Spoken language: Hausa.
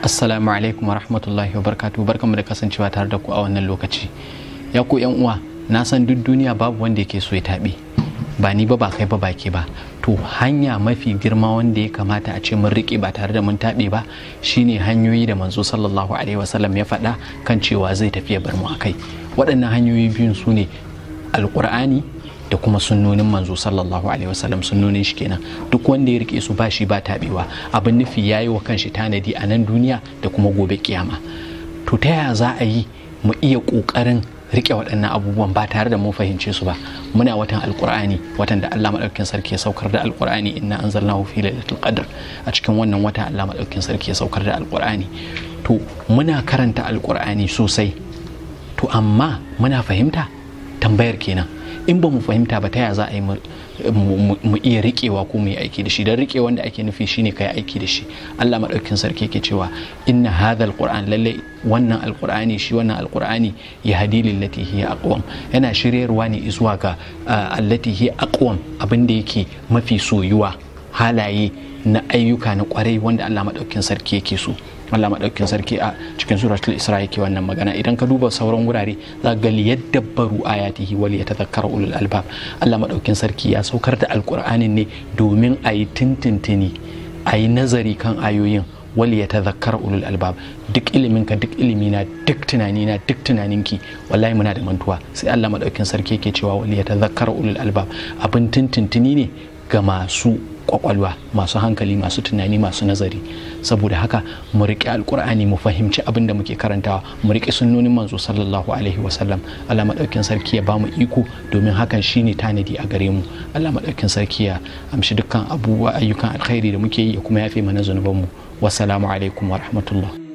assalamu alaikum wa rahmatullahi wa barkatu barkanmu da kasancewa tare da ku a wannan lokaci ya ku yan uwa na san duk duniya babu wanda yake so ya taɓe ba ni ba ba kai ba baki ba to hanya mafi girma wanda ya kamata a ce mun riƙe ba tare da mun taɓe ba shine hanyoyi da manzo sallallahu alaihi wasallam ya faɗa kan cewa zai tafi ya bar mu akai waɗannan hanyoyi biyun su ne alƙur'ani da kuma sunnonin manzo sallallahu alaihi wasallam sunnonin shi kenan duk wanda ya rike su ba shi ba taɓewa abin nufi ya yi wa kanshi tanadi a nan duniya da kuma gobe kiyama to ta yaya za a yi mu iya ƙoƙarin rike waɗannan abubuwan ba tare da mun fahimce su ba muna watan alkur'ani watan da Allah madaukakin sarki ya saukar da alkur'ani inna anzalnahu fi lailatul qadr a cikin wannan wata Allah madaukakin sarki ya saukar da alkur'ani to muna karanta alkur'ani sosai to amma muna fahimta tambayar kenan in ba mu fahimta ba ta ya za a yi mu iya riƙewa ko mu yi aiki da shi don riƙe wanda ake nufi shine kai aiki da shi Allah maɗaukin sarki yake cewa inna hadha alquran lalle wannan alqur'ani shi wannan alqur'ani ya hadi lillati hiya aqwam yana shiryarwa ne zuwa ga ah, allati hiya aqwam abin da yake mafi soyuwa halaye na ayyuka na kwarai wanda Allah maɗaukin sarki yake so Allah maɗaukin sarki a cikin suratul Isra yake wannan magana idan ka duba sauran wurare za ga liyadabbaru ayatihi wal yatadhakkaru ulul albab Allah maɗaukin sarki ya saukar da alqur'anin ne domin a yi tintintini a yi nazari kan ayoyin wal yatadhakkar ulul albab duk ilimin ka duk na duk tunanina duk tunaninki wallahi muna da mantuwa sai Allah maɗaukin sarki yake cewa wal yatadhakkar ulul albab abin tintintini ne ga masu kwakwalwa masu hankali masu tunani masu nazari saboda haka mu riƙe alƙur'ani mu fahimci abin da muke karantawa mu riƙe sunnonin manzo sallallahu alaihi wasallam Allah madaukin sarki ya bamu iko domin hakan shine tanadi a gare mu Allah madaukin sarki ya amshi dukkan abubuwa ayyukan alkhairi da muke yi ya kuma yafe mana zanubanmu wassalamu alaikum wa rahmatullah